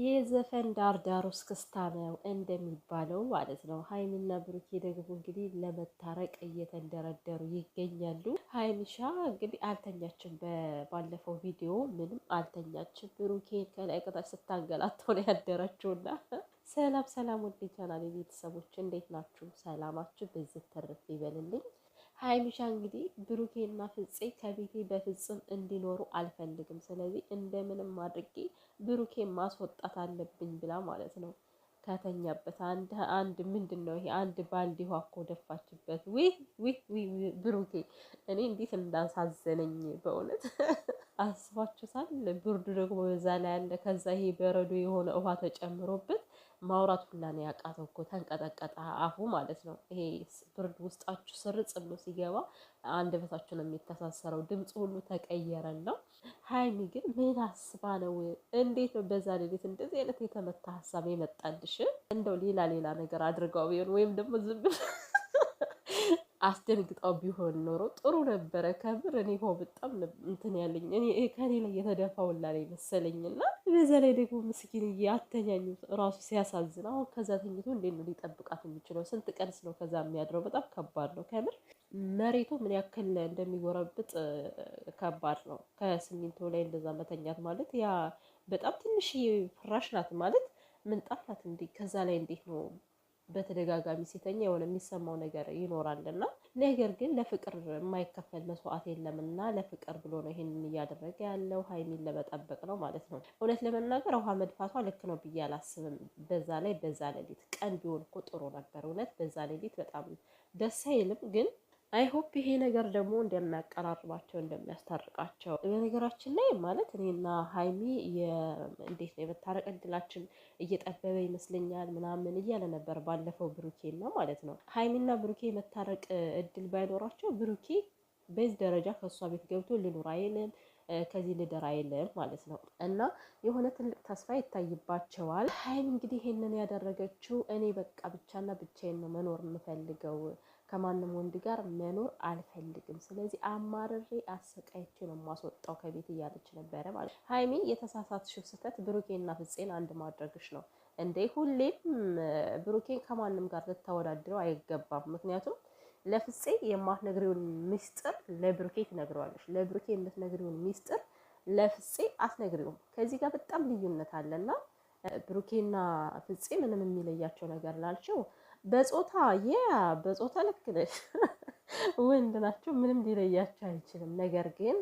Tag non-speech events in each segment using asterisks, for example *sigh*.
የዘፈን ዳርዳሩ እስክስታ ነው እንደሚባለው ማለት ነው። ሀይሚና ብሩኬ ደግሞ እንግዲህ ለመታረቅ እየተንደረደሩ ይገኛሉ። ሀይሚሻ እንግዲህ አልተኛችን፣ ባለፈው ቪዲዮ ምንም አልተኛችን። ብሩኬን ከላይ ቅጠል ስታንገላተው ነው ያደረችውና ሰላም ሰላም፣ ወደ ቻናል ቤተሰቦች እንዴት ናችሁ? ሰላማችሁ ብዝት ተርፍ ይበልልኝ። ሀይሚሻ እንግዲህ ብሩኬና ፍፄ ከቤቴ በፍጹም እንዲኖሩ አልፈልግም፣ ስለዚህ እንደምንም አድርጌ ብሩኬ ማስወጣት አለብኝ ብላ ማለት ነው። ከተኛበት አንድ አንድ ምንድን ነው ይሄ አንድ ባልዲ ውሃ እኮ ደፋችበት። ዊህ ዊህ ዊህ ብሩኬ እኔ እንዴት እንዳሳዘነኝ በእውነት አስባችሁታል። ብርዱ ደግሞ በዛ ላይ ያለ ከዛ ይሄ በረዶ የሆነ ውሃ ተጨምሮበት ማውራት ሁላ ነው ያቃተው እኮ ተንቀጠቀጠ አፉ ማለት ነው። ይሄ ብርድ ውስጣችሁ ስርጽ ብሎ ሲገባ አንድ በታችሁ ነው የሚተሳሰረው። ድምፅ ሁሉ ተቀየረን ነው። ሀይሚ ግን ምን አስባ ነው? እንዴት ነው በዛ ሌሊት እንደዚህ አይነት የተመታ ሀሳብ የመጣልሽ? እንደው ሌላ ሌላ ነገር አድርገው ቢሆን ወይም ደግሞ ዝም አስደንግጣው ቢሆን ኖሮ ጥሩ ነበረ። ከምር እኔ ሆ በጣም እንትን ያለኝ እኔ ከኔ ላይ የተደፋውላ ላይ መሰለኝና በዛ ላይ ደግሞ ምስኪን አተኛኝ ራሱ ሲያሳዝን። አሁን ከዛ ተኝቶ እንዴት ነው ሊጠብቃት የሚችለው? ስንት ቀንስ ነው ከዛ የሚያድረው? በጣም ከባድ ነው ከምር። መሬቱ ምን ያክል እንደሚጎረብጥ ከባድ ነው። ከስሚንቶ ላይ እንደዛ መተኛት ማለት ያ በጣም ትንሽ ፍራሽ ናት ማለት ምንጣፍ ናት እንዴ! ከዛ ላይ እንዴት ነው በተደጋጋሚ ሲተኛ የሆነ የሚሰማው ነገር ይኖራልና፣ ነገር ግን ለፍቅር የማይከፈል መስዋዕት የለምና ለፍቅር ብሎ ነው ይሄንን እያደረገ ያለው ሀይሚን ለመጠበቅ ነው ማለት ነው። እውነት ለመናገር ውሃ መድፋቷ ልክ ነው ብዬ አላስብም። በዛ ላይ በዛ ሌሊት ቀን ቢሆን እኮ ጥሩ ነበር። እውነት በዛ ሌሊት በጣም ደስ አይልም ግን አይሆፕ ይሄ ነገር ደግሞ እንደሚያቀራርባቸው እንደሚያስታርቃቸው። በነገራችን ላይ ማለት እኔና ሀይሚ እንዴት ነው የመታረቅ እድላችን እየጠበበ ይመስለኛል ምናምን እያለ ነበር ባለፈው ብሩኬና ማለት ነው። ሀይሚና ብሩኬ የመታረቅ እድል ባይኖራቸው ብሩኬ በዚህ ደረጃ ከእሷ ቤት ገብቶ ልኑር አይልም። ከዚህ ልደራ አይልም ማለት ነው እና የሆነ ትልቅ ተስፋ ይታይባቸዋል። ሀይሚ እንግዲህ ይሄንን ያደረገችው እኔ በቃ ብቻና ብቻዬን ነው መኖር የምፈልገው ከማንም ወንድ ጋር መኖር አልፈልግም። ስለዚህ አማርሬ አሰቃይቼ ነው የማስወጣው ከቤት እያለች ነበረ ማለት ነው። ሀይሚ የተሳሳትሽው ስህተት ብሩኬና ፍፄን አንድ ማድረግሽ ነው እንዴ። ሁሌም ብሩኬን ከማንም ጋር ልታወዳድረው አይገባም። ምክንያቱም ለፍፄ የማትነግሪውን ሚስጥር ለብሩኬ ትነግረዋለች። ለብሩኬ የምትነግሪውን ሚስጥር ለፍፄ አትነግሪውም። ከዚህ ጋር በጣም ልዩነት አለና ብሩኬና ፍፄ ምንም የሚለያቸው ነገር ላልቸው በጾታ ያ በጾታ ልክ ነሽ፣ *laughs* ወንድ ናቸው፣ ምንም ሊለያቸው አይችልም። ነገር ግን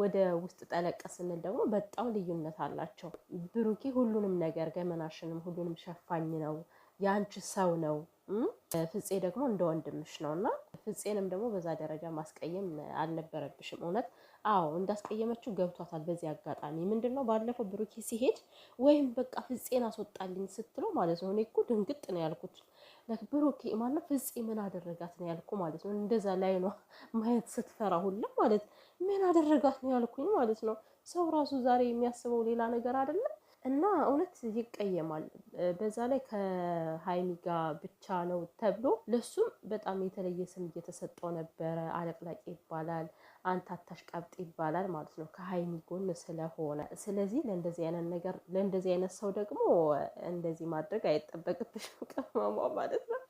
ወደ ውስጥ ጠለቅ ስንል ደግሞ በጣም ልዩነት አላቸው። ብሩኬ ሁሉንም ነገር ገመናሽንም ሁሉንም ሸፋኝ ነው የአንቺ ሰው ነው። ፍፄ ደግሞ እንደ ወንድምሽ ነው እና ፍፄንም ደግሞ በዛ ደረጃ ማስቀየም አልነበረብሽም። እውነት አዎ እንዳስቀየመችው ገብቷታል። በዚህ አጋጣሚ ምንድን ነው ባለፈው ብሩኬ ሲሄድ ወይም በቃ ፍፄን አስወጣልኝ ስትለው ማለት ነው እኔ እኮ ድንግጥ ነው ያልኩት። ብሩኬ ማነው ፍፄ ምን አደረጋት ነው ያልኩ ማለት ነው። እንደዛ ላይ ነው ማየት ስትፈራ ሁላ ማለት ምን አደረጋት ነው ያልኩኝ ማለት ነው። ሰው ራሱ ዛሬ የሚያስበው ሌላ ነገር አይደለም እና እውነት ይቀየማል። በዛ ላይ ከሀይሚ ጋር ብቻ ነው ተብሎ ለሱም በጣም የተለየ ስም እየተሰጠው ነበረ። አለቅላቂ ይባላል፣ አንተ አታሽቃብጥ ይባላል ማለት ነው ከሀይሚ ጎን ስለሆነ። ስለዚህ ለእንደዚህ አይነት ነገር ለእንደዚህ አይነት ሰው ደግሞ እንደዚህ ማድረግ አይጠበቅብሽም ቀማማ *laughs* ማለት ነው።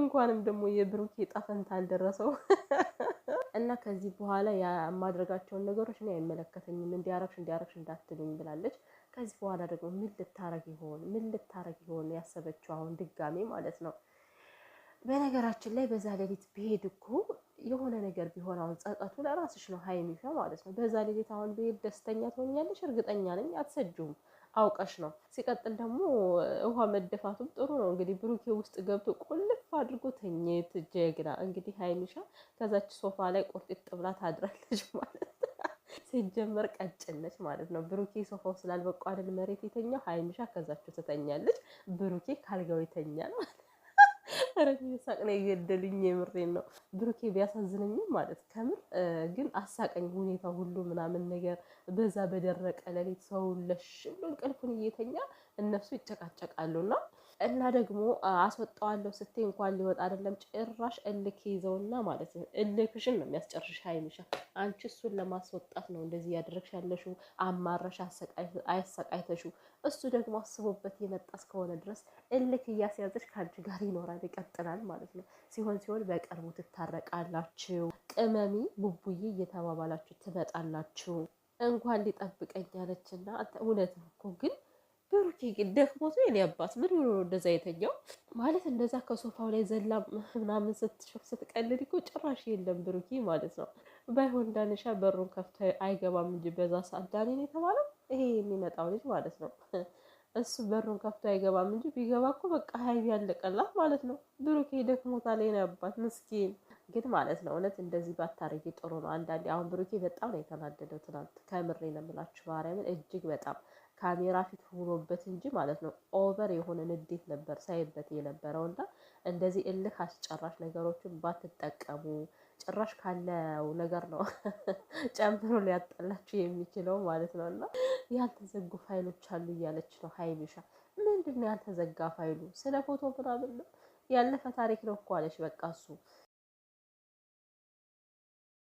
እንኳንም ደግሞ የብሩኬ ዕጣ አልደረሰው። *laughs* እና ከዚህ በኋላ የማድረጋቸውን ነገሮች እኔ አይመለከተኝም፣ እንዲያረግሽ እንዲያረግሽ እንዳትሉኝ ብላለች። ከዚህ በኋላ ደግሞ ምን ልታረግ ይሆን? ምን ልታረግ ይሆን ያሰበችው አሁን ድጋሜ ማለት ነው። በነገራችን ላይ በዛ ሌሊት ብሄድ እኮ የሆነ ነገር ቢሆን አሁን ጸጸቱ ለራስሽ ነው ሀይሚሻ ማለት ነው። በዛ ሌሊት አሁን ብሄድ ደስተኛ ትሆኛለሽ፣ እርግጠኛ ነኝ። አትሰጅውም አውቀሽ ነው። ሲቀጥል ደግሞ ውሃ መደፋቱም ጥሩ ነው። እንግዲህ ብሩኬ ውስጥ ገብቶ ቁልፍ አድርጎ ተኝት ጀግና። እንግዲህ ሀይሚሻ ከዛች ሶፋ ላይ ቁርጢት ብላ ታድራለች *laughs* ማለት ነው። ሲጀመር ቀጭነች ማለት ነው። ብሩኬ ሶፋው ስላልበቁ አይደል መሬት የተኛው። ሀይሚሻ ከዛችሁ ትተኛለች፣ ብሩኬ ካልጋው ይተኛል ማለት *laughs* ረጅም ሳቅ ነው የገደልኝ። የምሬን ነው ብሩኬ ቢያሳዝነኝም ማለት ከምር ግን አሳቀኝ ሁኔታ ሁሉ ምናምን ነገር በዛ በደረቀ ለሌት ሰው ለሽ ብሎ እንቅልፉን እየተኛ እነሱ ይጨቃጨቃሉና እና ደግሞ አስወጣዋለሁ ስትይ እንኳን ሊወጣ አይደለም ጭራሽ እልክ ይዘውና ማለት ነው። እልክሽን ነው የሚያስጨርሽ ሀይሚሻ። አንቺ እሱን ለማስወጣት ነው እንደዚህ ያደረግሽ ያለሽው፣ አማረሽ አያሰቃይተሹ። እሱ ደግሞ አስቦበት የመጣ እስከሆነ ድረስ እልክ እያስያዘች ከአንቺ ጋር ይኖራል ይቀጥላል ማለት ነው። ሲሆን ሲሆን በቅርቡ ትታረቃላችሁ። ቅመሚ ቡቡዬ እየተባባላችሁ ትመጣላችሁ። እንኳን ሊጠብቀኝ ያለችና እውነት እኮ ግን ብሩኬ ግን ደክሞት ነው የኔ አባት። ምን ብሎ እንደዛ የተኛው ማለት እንደዛ ከሶፋው ላይ ዘላ ምናምን ስትሾፍ ስትቀልድ እኮ ጭራሽ የለም ብሩኬ ማለት ነው። ባይሆን እንዳንሻ በሩን ከፍቶ አይገባም እንጂ በዛ ሰዓት ዳኔን የተባለው ይሄ የሚመጣው ልጅ ማለት ነው። እሱ በሩን ከፍቶ አይገባም እንጂ ቢገባ እኮ በቃ ሀይ ያለቀላት ማለት ነው። ብሩኬ ደክሞታል የኔ አባት ምስኪን ግን ማለት ነው እውነት እንደዚህ ባታረጊ ጥሩ ነው። አንዳንዴ አሁን ብሩኬ በጣም ነው የተናደደው ትናንት፣ ከምሬ ነው የምላችሁ ማርያምን እጅግ በጣም ካሜራ ፊት ሆኖበት እንጂ ማለት ነው ኦቨር የሆነ ንዴት ነበር ሳይበት የነበረው እና እንደዚህ እልህ አስጨራሽ ነገሮችን ባትጠቀሙ ጭራሽ ካለው ነገር ነው *laughs* ጨምሮ ሊያጣላችሁ የሚችለው ማለት ነው። እና ያልተዘጉ ፋይሎች አሉ እያለች ነው ሀይሚሻ። ምንድን ነው ያልተዘጋ ፋይሉ? ስለ ፎቶ ምናምን ያለፈ ታሪክ ነው እኮ አለች። በቃ እሱ